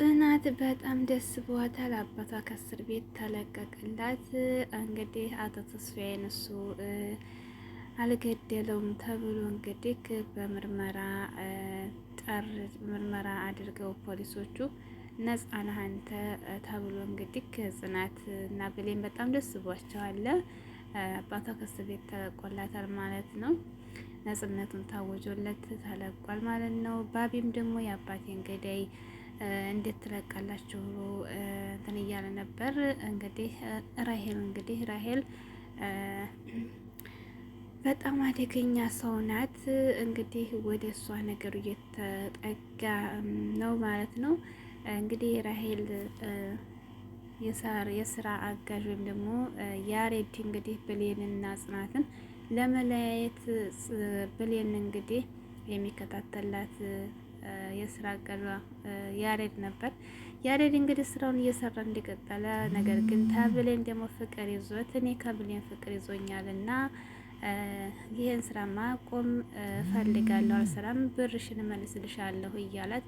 ጽናት በጣም ደስ ብሏታል። አባቷ ከእስር ቤት ተለቀቅላት። እንግዲህ አቶ ተስፋዬን እሱ አልገደለውም ተብሎ እንግዲህ በምርመራ ጠር ምርመራ አድርገው ፖሊሶቹ ነጻ ነህ አንተ ተብሎ እንግዲህ ጽናት እና ብሌን በጣም ደስ ብሏቸዋል። አባቷ ከእስር ቤት ተለቆላታል ማለት ነው። ነጽነቱን ታወጆለት ተለቋል ማለት ነው። ባቢም ደግሞ የአባቴን ገዳይ እንዴት ትለቃላችሁ ብሎ እንትን እያለ ነበር። እንግዲህ ራሄል እንግዲህ ራሄል በጣም አደገኛ ሰው ናት። እንግዲህ ወደ እሷ ነገሩ እየተጠጋ ነው ማለት ነው። እንግዲህ ራሄል የስራ አጋዥ ወይም ደግሞ ያሬድ እንግዲህ ብሌንና ጽናትን ለመለያየት ብሌን እንግዲህ የሚከታተላት የስራ እቅዷ ያሬድ ነበር። ያሬድ እንግዲህ ስራውን እየሰራ እንደቀጠለ፣ ነገር ግን ተብሌን ደግሞ ፍቅር ይዞት እኔ ከብሌን ፍቅር ይዞኛል እና ይህን ስራ ማቆም እፈልጋለሁ፣ አልሰራም፣ ብርሽን እመልስልሻለሁ እያላት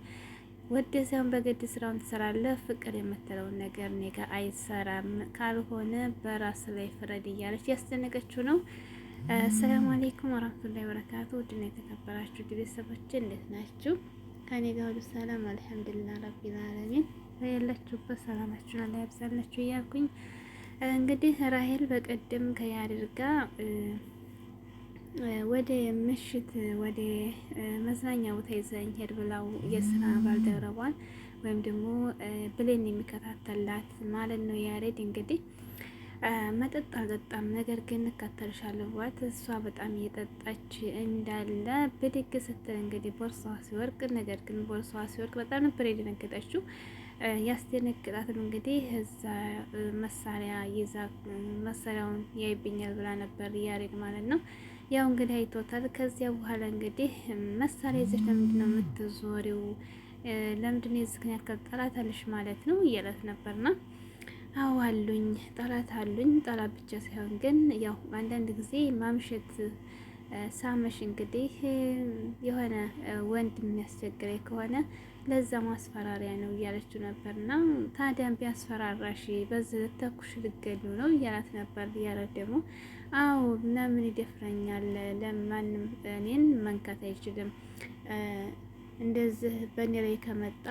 ወደ ሲያም በግድ ስራውን ትሰራለህ፣ ፍቅር የምትለውን ነገር እኔ ጋር አይሰራም፣ ካልሆነ በራስ ላይ ፍረድ እያለች ያስደነቀችው ነው። አሰላሙ አለይኩም ወራህመቱላሂ ወበረካቱ። ውድና የተከበራችሁ ቤተሰቦች እንዴት ናችሁ? ከኔ ጋር ሁሉ ሰላም አልሐምዱሊላህ ረቢል ዓለሚን። ያላችሁበት ሰላማችሁን አላህ ያብዛላችሁ እያልኩኝ እንግዲህ ራሄል በቀደም ከያሬድ ጋር ወደ ምሽት ወደ መዝናኛ ቦታ ይዘኝ ሄድ ብላው የስራ ባልደረቧን ወይም ደግሞ ብሌን የሚከታተላት ማለት ነው ያሬድ እንግዲህ መጠጥ አልጠጣም፣ ነገር ግን እከተልሻለሁ ብሏት እሷ በጣም እየጠጣች እንዳለ ብድግ ስትል እንግዲህ ቦርሳዋ ሲወርቅ፣ ነገር ግን ቦርሳዋ ሲወርቅ በጣም ነበር የደነገጠችው። ያስደነግጣትም እንግዲህ እዛ መሳሪያ ይዛ መሳሪያውን ያይብኛል ብላ ነበር እያሬድ ማለት ነው። ያው እንግዲህ አይቶታል። ከዚያ በኋላ እንግዲህ መሳሪያ ይዘሽ ለምንድን ነው የምትዞሪው? ለምንድን ነው የዝክን ያከል ጠላታለሽ ማለት ነው እያለት ነበርና አዎ አሉኝ፣ ጠላት አሉኝ። ጠላት ብቻ ሳይሆን ግን ያው አንዳንድ ጊዜ ማምሸት ሳመሽ እንግዲህ የሆነ ወንድ የሚያስቸግረኝ ከሆነ ለዛ ማስፈራሪያ ነው እያለችው ነበርና ታዲያ ቢያስፈራራሽ በዚህ ልተኩሽ ልገሉ ነው እያላት ነበር። እያለ ደግሞ አዎ ለምን ይደፍረኛል? ለማንም እኔን መንካት አይችልም እንደዚህ በእኔ ላይ ከመጣ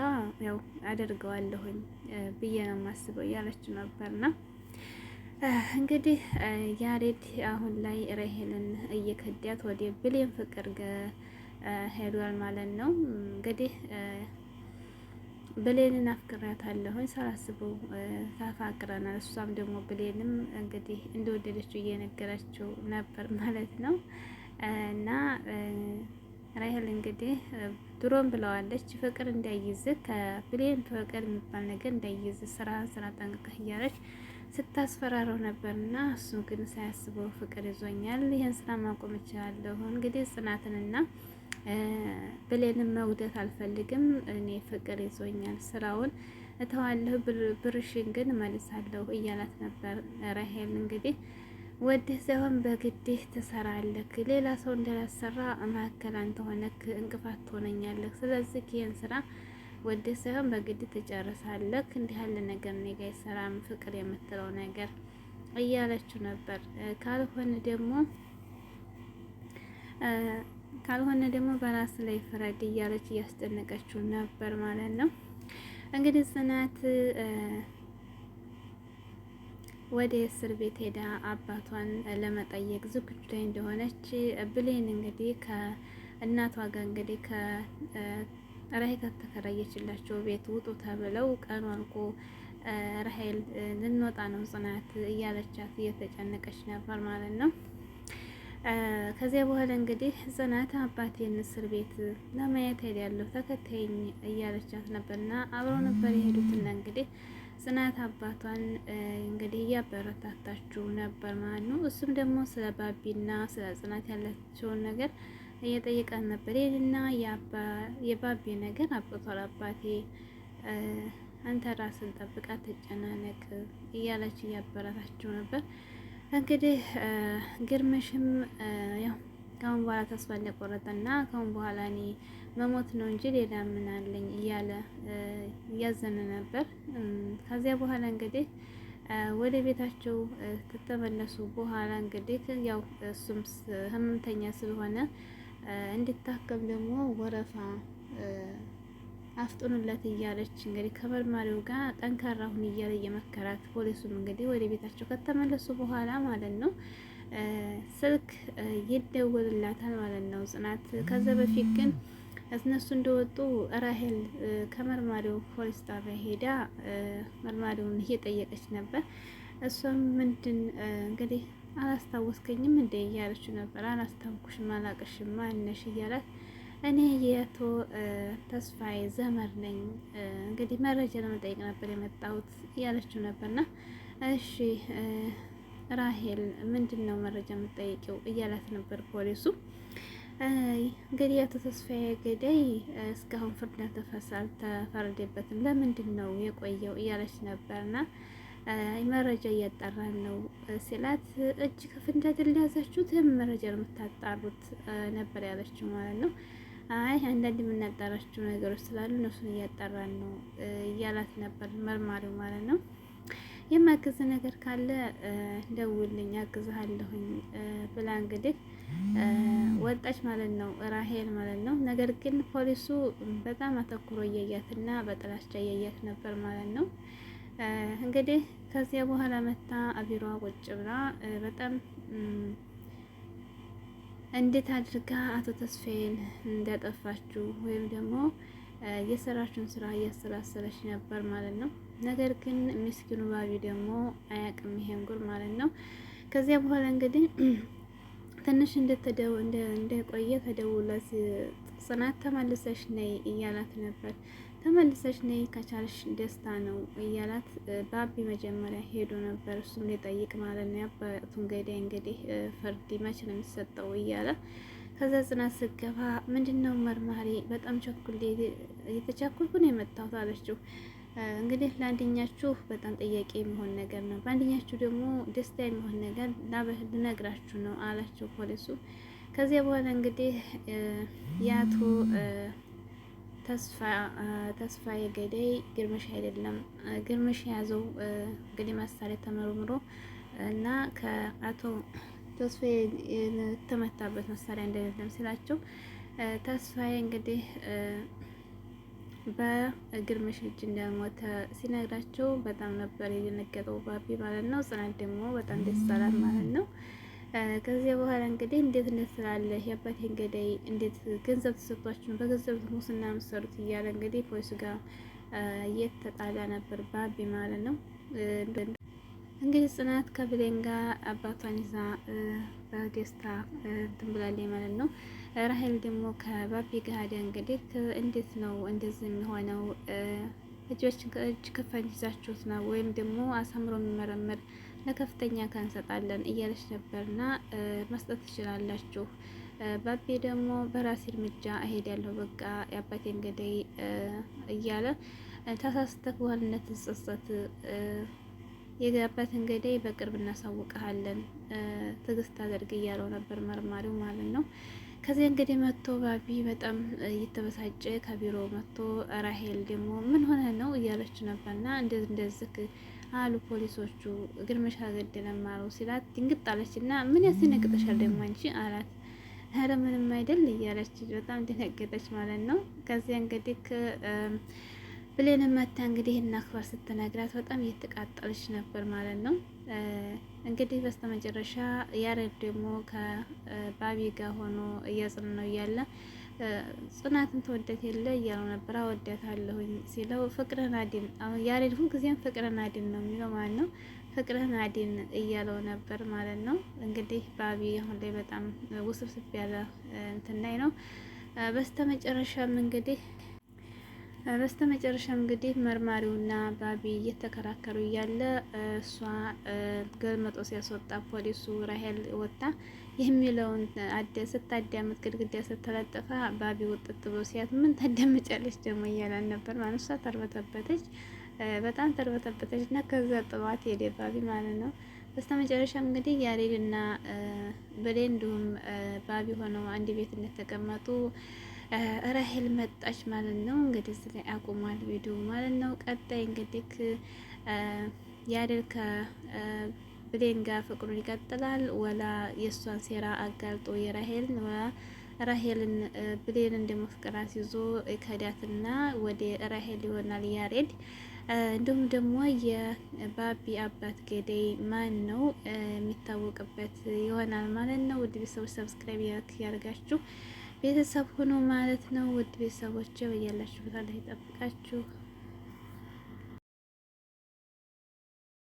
ያው አደርገዋለሁኝ ብዬ ነው የማስበው እያለች ነበርና እንግዲህ ያሬድ አሁን ላይ ራሄልን እየከዳት ወደ ብሌን ፍቅር ሄዷል ማለት ነው። እንግዲህ ብሌንን አፍቅራታለሁኝ ሳላስበው ተፋቅረናል። እሷም ደግሞ ብሌንም እንግዲህ እንደወደደችው እየነገረችው ነበር ማለት ነው እና ራሄል እንግዲህ ድሮም ብለዋለች ፍቅር እንዳይዝ ከብሌን ፍቅር የሚባል ነገር እንዳይዝህ ስራህን ስራ ጠንቅቀህ እያለች ስታስፈራረው ነበርና እሱ ግን ሳያስበው ፍቅር ይዞኛል፣ ይህን ስራ ማቆም እችላለሁ። እንግዲህ ጽናትንና ብሌንን መውደት አልፈልግም። እኔ ፍቅር ይዞኛል፣ ስራውን እተዋለሁ፣ ብርሽን ግን መልሳለሁ እያላት ነበር ራሄል እንግዲህ ወደህ ሳይሆን በግድህ ትሰራለህ። ሌላ ሰው እንዳላሰራ መካከል አንተ ሆነክ እንቅፋት ትሆነኛለህ። ስለዚህ ይህን ስራ ወደህ ሳይሆን በግድህ ትጨርሳለህ። እንዲህ ያለ ነገር እኔ ጋር አይሰራም ፍቅር የምትለው ነገር እያለችው ነበር። ካልሆነ ደግሞ ካልሆነ ደግሞ በራስ ላይ ፍረድ እያለች እያስጨነቀችው ነበር ማለት ነው እንግዲህ ጽናት ወደ እስር ቤት ሄዳ አባቷን ለመጠየቅ ዝግጁ ላይ እንደሆነች ብሌን እንግዲህ ከእናቷ ጋር እንግዲህ ከራሄል ከተከራየችላቸው ቤት ውጡ ተብለው ቀኑ አልቆ ራሄል ልንወጣ ነው ጽናት እያለቻት እየተጨነቀች ነበር ማለት ነው። ከዚያ በኋላ እንግዲህ ጽናት አባቴን እስር ቤት ለማየት ሄድ ያለው ተከታይኝ እያለቻት ነበርና አብረው ነበር የሄዱትና እንግዲህ ጽናት አባቷን እንግዲህ እያበረታታችሁ ነበር ማለት ነው። እሱም ደግሞ ስለ ባቢና ስለ ጽናት ያላቸውን ነገር እየጠየቃት ነበር። ይህና የባቢ ነገር አብቅቷል አባቴ አንተ ራስን ጠብቃ ተጨናነቅ እያለች እያበረታችሁ ነበር። እንግዲህ ግርምሽም ያው ከአሁን በኋላ ተስፋ እንደቆረጠና ከአሁን በኋላ እኔ መሞት ነው እንጂ ሌላ ምን አለኝ እያለ እያዘነ ነበር። ከዚያ በኋላ እንግዲህ ወደ ቤታቸው ከተመለሱ በኋላ እንግዲህ ያው እሱም ህመምተኛ ስለሆነ እንድታከም ደግሞ ወረፋ አፍጡንለት እያለች እንግዲህ ከመርማሪው ጋር ጠንካራ ሁን እያለ እየመከራት ፖሊሱም እንግዲህ ወደ ቤታቸው ከተመለሱ በኋላ ማለት ነው ስልክ ይደወልላታል ማለት ነው ጽናት ከዛ በፊት ግን እነሱ እንደወጡ ራሄል ከመርማሪው ፖሊስ ጣቢያ ሄዳ መርማሪውን እየጠየቀች ነበር። እሷም ምንድን እንግዲህ አላስታወስከኝም እንደ እያለችው ነበር። አላስታውኩሽም፣ አላቅሽም፣ ማነሽ እያላት እኔ የአቶ ተስፋዬ ዘመር ነኝ እንግዲህ መረጃ ለመጠየቅ ነበር የመጣሁት እያለችው ነበርና እሺ ራሄል ምንድን ነው መረጃ የምጠይቀው እያላት ነበር ፖሊሱ እንግዲህ አቶ ተስፋዬ ገዳይ እስካሁን ፍርድ አልተፈረደበትም ለምንድን ነው የቆየው እያለች ነበርና መረጃ እያጣራን ነው ሲላት እጅ ከፍንዳት እንደያዛችሁት መረጃ ነው የምታጣሩት ነበር ያለችው ማለት ነው። አይ አንዳንድ የምናጣራቸው ነገሮች ስላሉ እነሱን እያጣራን ነው እያላት ነበር መርማሪው ማለት ነው። የማግዝ ነገር ካለ ደውልኝ አግዝሃለሁኝ ብላ እንግዲህ ወጣች ማለት ነው፣ ራሄል ማለት ነው። ነገር ግን ፖሊሱ በጣም አተኩሮ እያያትና በጥላቻ እያያት ነበር ማለት ነው። እንግዲህ ከዚያ በኋላ መታ አቢሯ ቁጭ ብላ በጣም እንዴት አድርጋ አቶ ተስፋዬን እንዳጠፋችሁ ወይም ደግሞ የሰራችሁን ስራ እያሰላሰለች ነበር ማለት ነው። ነገር ግን ምስኪኑ ባቢ ደግሞ አያቅም ይሄን ጉር ማለት ነው። ከዚያ በኋላ እንግዲህ ትንሽ እንደቆየ ተደውላት ጽናት ተመልሰሽ ነይ እያላት ነበር። ተመልሰሽ ነይ ከቻልሽ ደስታ ነው እያላት ባቢ መጀመሪያ ሄዶ ነበር እሱም ሊጠይቅ ማለት ነው። ያባቱን ገዳይ እንግዲህ ፍርድ መች ነው የሚሰጠው እያለ ከዛ ጽናት ስገባ ምንድን ነው መርማሪ በጣም ቸኩል ነው የመጣሁት አለችው። እንግዲህ ለአንደኛችሁ በጣም ጥያቄ የሚሆን ነገር ነው፣ በአንደኛችሁ ደግሞ ደስታ የሚሆን ነገር ልነግራችሁ ነው አላቸው ፖሊሱ። ከዚያ በኋላ እንግዲህ የአቶ ተስፋ የገዳይ ግርምሽ አይደለም ግርምሽ የያዘው እንግዲህ መሳሪያ ተመርምሮ እና ከአቶ ተስፋ የተመታበት መሳሪያ እንደሌለም ሲላቸው ተስፋዬ እንግዲህ በእግር መሽልች እንደሞተ ሲነግራቸው በጣም ነበር የደነገጠው ባቢ ማለት ነው። ጽናት ደግሞ በጣም ደስ ይላል ማለት ነው። ከዚህ በኋላ እንግዲህ እንዴት እንዴት ስላለህ የአባቴን ገዳይ እንዴት ገንዘብ ተሰጥቷችሁ በገንዘብ ሙስና የምትሰሩት እያለ እንግዲህ ፖሊሱ ጋር እየተጣላ ነበር ባቢ ማለት ነው። እንግዲህ ጽናት ከብሌን ጋር አባቷን ይዛ በደስታ ትንብላለች ማለት ነው። ራሄል ደግሞ ከባቢ ጋር ሄዳ እንግዲህ እንዴት ነው እንደዚህ የሚሆነው? እጆች ከእጅ ክፈን ይዛችሁት ነው ወይም ደግሞ አሳምሮ የሚመረምር ለከፍተኛ ካንሰጣለን እያለች ነበርና መስጠት ትችላላችሁ። ባቤ ደግሞ በራሴ እርምጃ እሄዳለሁ በቃ የአባቴ እንግዲህ እያለ ተሳስተህ በኋልነት ትጸጸት የገባት እንግዲህ በቅርብ እናሳውቀሃለን፣ ትዕግስት አድርግ እያለው ነበር መርማሪው ማለት ነው። ከዚያ እንግዲህ መጥቶ ባቢ በጣም እየተበሳጨ ከቢሮ መጥቶ ራሄል ደግሞ ምን ሆነ ነው እያለች ነበርና እንደዚ እንደዚህ አሉ ፖሊሶቹ ግርምሻ ገደለም ለማለው ሲላት ድንግጥ አለች እና ምን ያስደነግጠሻል ደግሞ አንቺ አላት። ኧረ ምንም አይደል እያለች በጣም ደነገጠች ማለት ነው። ከዚያ እንግዲህ ብሌን መታ እንግዲህ እና አክባር ስትነግራት በጣም እየተቃጠለች ነበር ማለት ነው። እንግዲህ በስተመጨረሻ ያሬድ ደግሞ ከባቢ ጋር ሆኖ ነው እያለ ጽናትን ተወደት የለ እያለው ነበር። አወዳታለሁኝ ሲለው ፍቅርህን አድን ያሬድ ሁልጊዜም ፍቅርህን አድን ነው የሚለው ማለት ነው። ፍቅርህን አድን እያለው ነበር ማለት ነው። እንግዲህ ባቢ አሁን ላይ በጣም ውስብስብ ያለ እንትን ላይ ነው። በስተመጨረሻም እንግዲህ በስተ መጨረሻ እንግዲህ መርማሪውና ባቢ እየተከራከሩ እያለ እሷ ገልመጦ ሲያስወጣ ፖሊሱ ራሄል ወጣ የሚለውን ስታዳምጥ ግድግዳ ስተለጠፈ ባቢ ውጥት ብሎ ሲያት ምን ታዳምጫለች ደግሞ እያላን ነበር ማለት እሷ ተርበተበተች። በጣም ተርበተበተች እና ከዛ ጥሏት ሄደ ባቢ ማለት ነው። በስተ መጨረሻ እንግዲህ ያሬድና ብሌ እንዲሁም ባቢ ሆነው አንድ ቤት እንደተቀመጡ ራሄል መጣች ማለት ነው። እንግዲህ እዚህ ላይ አቁሟል ቪዲዮ ማለት ነው። ቀጣይ እንግዲህ ያደል ከብሌን ጋር ፍቅሩን ይቀጥላል ወላ የእሷን ሴራ አጋልጦ የራሄልን ወላ ራሄልን ብሌንን ደግሞ ፍቅር ከዳትና ወደ ራሄል ይሆናል ያሬድ። እንዲሁም ደግሞ የባቢ አባት ገዳይ ማን ነው የሚታወቅበት ይሆናል ማለት ነው። ውድ ቤተሰቦች ሰብስክራይብ ያርጋችሁ። ቤተሰብ ሆኖ ማለት ነው። ውድ ቤተሰቦች በያላችሁበት ላይ ይጠብቃችሁ።